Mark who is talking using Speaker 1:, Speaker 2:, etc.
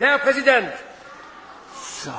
Speaker 1: Herr Präsident!
Speaker 2: So.